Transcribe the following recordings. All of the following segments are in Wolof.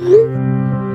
Mmh.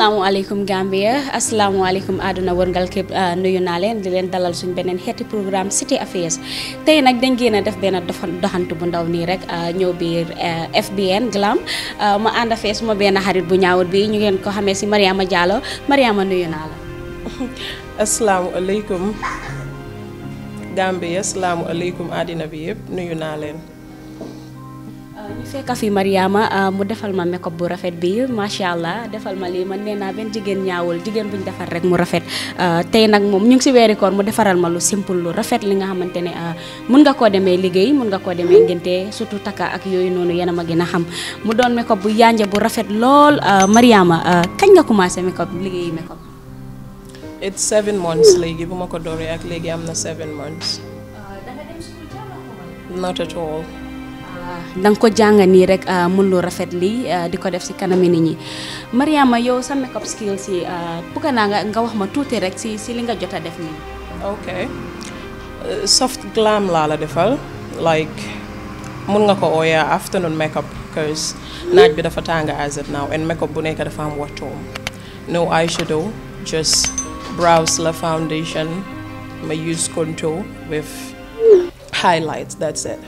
asalaamaaleykum Gambia asalaamaaleykum aduna wërngal kep uh, nuyu na len di len dalal suñu benen xéti programme City Affairs tey nak dañ gëna def benn doxantu bu ndaw ni rek uh, ñëw biir uh, FBN GLAM ma and fee mo benn xarit bu ñaawut bi ñu gën ko xamé ci Mariama Diallo Mariama nuyu na la. asalaamaaleykum Gambia asalaamaaleykum adina bi yëpp nuyu na len ñu fekk fi Mariama ah, mu defal ma make bu rafet bi macha allah defal ma lii man nee naa benn jigéen ñaawul jigéen bu ñu defar rek mu rafet ah, tey nag moom ñu ngi si weeri mu defaral ma lu simple lu rafet li nga xamante ne ah, mun nga koo demee liggéey mun nga koo demee ngénte surtout takka ak yooyu noonu yéen a ma gën a xam mu doon make bu yànja bu rafet lool Mariama kañ nga commencé make-up liggéeyi make it's seven months léegi bu ma ko dooree ak léegi am na seven months. danga ko jàng nii rek ah, mun lu rafet li ah, di ko def si kanami nit ñi mariama yow sa makeup skill si ah, bëgg naa nga nga wax ma tuuti rek si si li nga jot def nii ok eh, soft glam laa la defal like mun nga ko ooya afternoon makeup because naaj bi dafa tàng as it now and makeup bu nekk dafa am waxtoom no eyeshadow just brows la foundation ma use contour with highlights that's it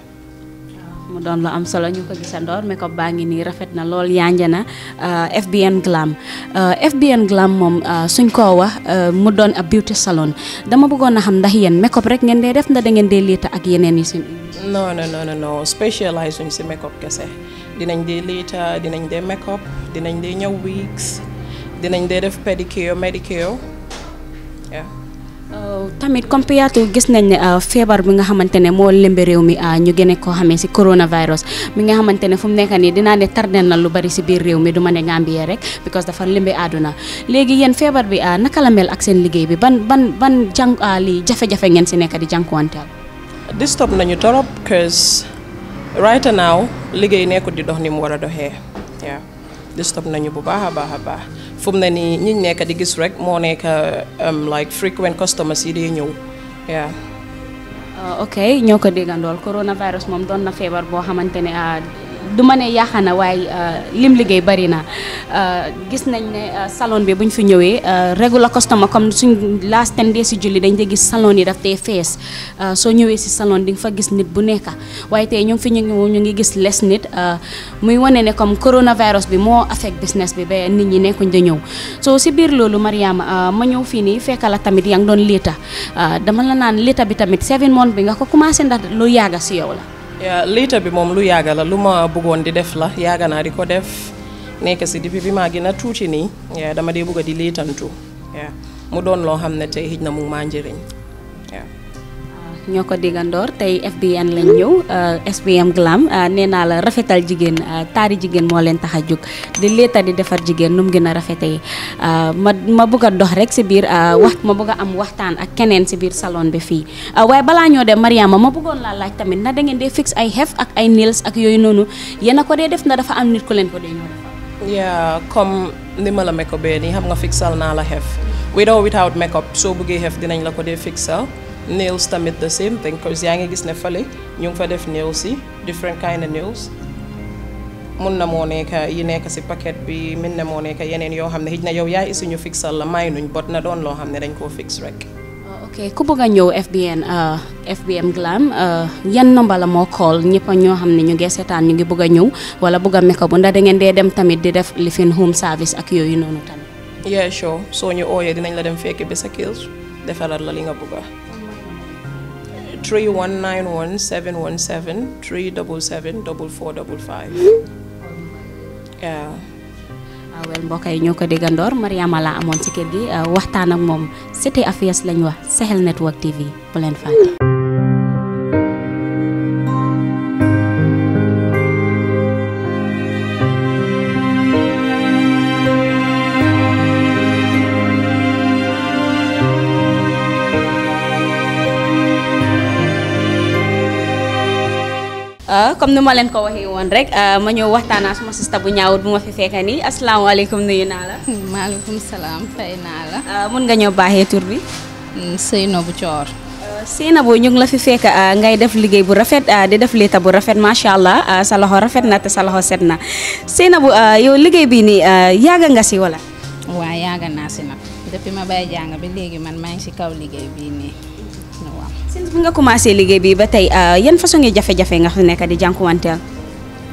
mu doon lu am solo ñu ko gisandoor makeup baa ngi nii rafet na lool yànja na euh, FBN Glam euh, FBN Glam moom euh, suñ koo wax mu doon ab beauty salon dama bëggoon a xam ndax yéen makeup rek ngeen dee def ndax da ngeen dee liita ak yeneen yi si. non non non non spécialisé suñ si makeup kese dinañ dee liita dinañ dee makeup dinañ dee ñëw wigs dinañ dee def pedicure medicure Oh, tamit comme yaatu gis nañ ne euh, feebar bi nga xamante ne moo lembe réew mi euh, ñu gëne ko xamee si coronavirus mi nga xamante ne fu nekk nii dinaa ne tardel na lu bari si biir réew mi du ne Gambie rek because dafa lembe aduna léegi yéen feebar bi euh, naka la mel ak seen liggéey bi ban ban ban jàng li jafe-jafe ngeen si nekk di jànkuwanteel disturb nañu torop cause right now liggéey nekkul di dox ni mu war a doxee yeah disturb nañu bu baax a baax fu na ne nii ñi nekk di gis rek moo nekk um, like frequent customers yi day ñëw waaw. Uh, ok ñoo ko déggandool coronavirus moom doon na feebar boo xamante ne ah, du ma ne yaaxana waaye euh, lim liggéey bari na euh, gis nañ ne euh, salon bi bu ñu fi ñëwee regular customer comme suñ last ten days si julli dañ dee gis salon yi daf tey fees soo ñëwee si salon di nga fa gis nit bu nekka waaye tey ñu fi ñu ñu ngi gis les nit muy wane ne comme coronavirus bi moo affect business bi ba nit ñi nekkuñ da ñëw soo si biir loolu Mariama ma ñëw fii nii fekka la tamit yaa ngi doon liita dama la naan liita bi tamit seven months bi nga ko commencé ndax lu yàgga si yow la liita bi moom lu yàgga la lu ma buggoon di def la yàgga naa di ko def nekk si depuis bi maa gën a tuuti nii dama dee bëgg a di liitantu mu doon loo xam ne tey xëj na mu maa njëriñ ñoko digandor tay FBN lañ ñew eh, SBM Glam eh, nee la rafetal jigen eh, tari jigen mo leen taxajuk di leta di defar rafetei num gëna rafeté ma ma bëgg dox rek ci bir wax ma bëgg am waxtaan ak keneen ci bir salon bi fi way de ñoo dem Mariama ma bëggon la laaj tamit na da ngeen dé fix ay hef ak ay nails ak yoy nonu yena ko dé def na dafa am nit ko leen ko dé ñoo ya comme ni ma la makeup ni xam nga fixal na la hef without without makeup so bëggé hef dinañ la ko dé fixal nails tamit the same thing yaa ngi gis ne fale ñu ngi fa def nails yi different kind of nails mun na moo nekk yi nekk si paquet bi mun na moo nekk yeneen yoo xam ne xëj na yow yaay isuñu fixal la may nuñ bot na doon loo xam ne dañ koo fix rek ah, ok ku bëgg a ñëw FBN ah, FBM Glam ah, yan na mbala moo call ñëpp ñoo xam ne ñu ngi seetaan ñu ngi bëgg a ñëw wala bëgg a meko bu ndax da ngeen dee dem tamit di def lifin home service ak yooyu noonu tamit yeah sure soo ñu ooyee dinañ la dem fekki ba sa kills defaral la li nga bëgg Three one nine one seven one seven three double seven double four double five. Yeah. 377 ah, 4455. waaw. wel mbokk yi ñoo ko déggandoor Mariama laa amoon ci kër gi ah, waxtaan ak moom C'était lañ wax Sahel Network TV bu Euh, comme ni ma leen ko waxee woon rek euh, ma ñëw waxtaanaa suma sista bu ñaawut bu ma fi fekka nii asalaamaaleykum nuyu naa la. maaleykum salaam fay naa la. Euh, mun nga ñëw baaxee tur bi. Mm, coor Thior. Seynabou ñu ngi la fi fekk ngay def liggéey bu rafet di def liita bu rafet macha allah sa loxo rafet na te sa loxo set na bu yow liggéey bii nii yàgg nga si wala. waaw yàgg naa si nag depuis ma bay jàng bi léegi man maa ngi si kaw liggéey bii nii. since bi nga commencé liggéey bi ba tey euh, yan façon ngi jafe-jafe nga fi nekk di jànkuwanteel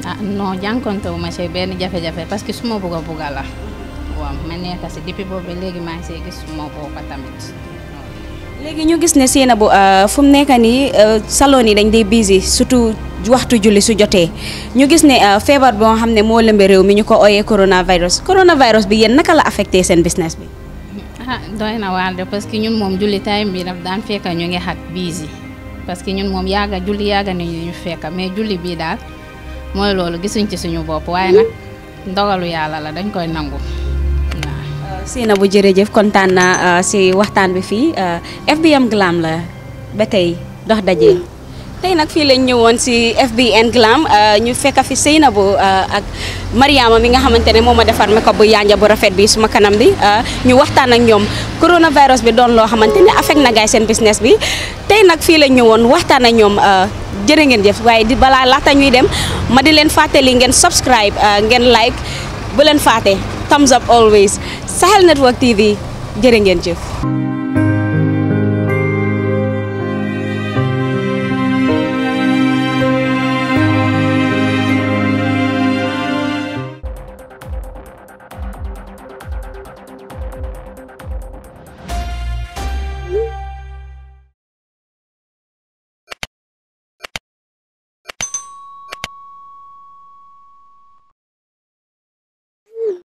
ah non jànkontewu ma si benn jafe-jafe parce que su ma bugg a bugg la waaw ma nekk si depuis boobu léegi maa ngi see gis suma ma tamit léegi ñu gis ne seena bu euh, fu mu nekk nii euh, salon yi dañ dee busy surtout waxtu julli su jotee ñu gis ne feebar boo xam ne moo lëmbe réew mi ñu ko coronavirus coronavirus bi yéen naka la affecté seen business bi ah doy na waar de parce que ñun moom julli time bi daf daan fekk ñu ngi xat biis yi parce que ñun moom yaaga julli yaaga ni ñu fekk mais julli bii daal mooy loolu gisuñ ci suñu bopp waaye nag ndogalu yàlla la dañ koy nangu waaw. Euh, Sina bu jërëjëf kontaan naa euh, si waxtaan bi fii euh, FBM Glam la ba tey dox daje. tey nag fii lañ ñëwoon si FBN Glam euh, ñu fekk fi Sainabou euh, ak Mariama mi nga xamante ne moo ma defar makeup bu yanja bu rafet bi suma kanam bi euh, ñu waxtaan ak ñoom coronavirus bi doon loo xamante ne affect na gaay seen business bi tey nag fii lañ ñëwoon waxtaan ak ñoom jërë ngeen jëf waaye di balaa laata ñuy dem ma di leen fàttali ngeen subscribe ngeen like bu leen fàtte thumbs up always Sahel Network TV jërë ngeen jëf.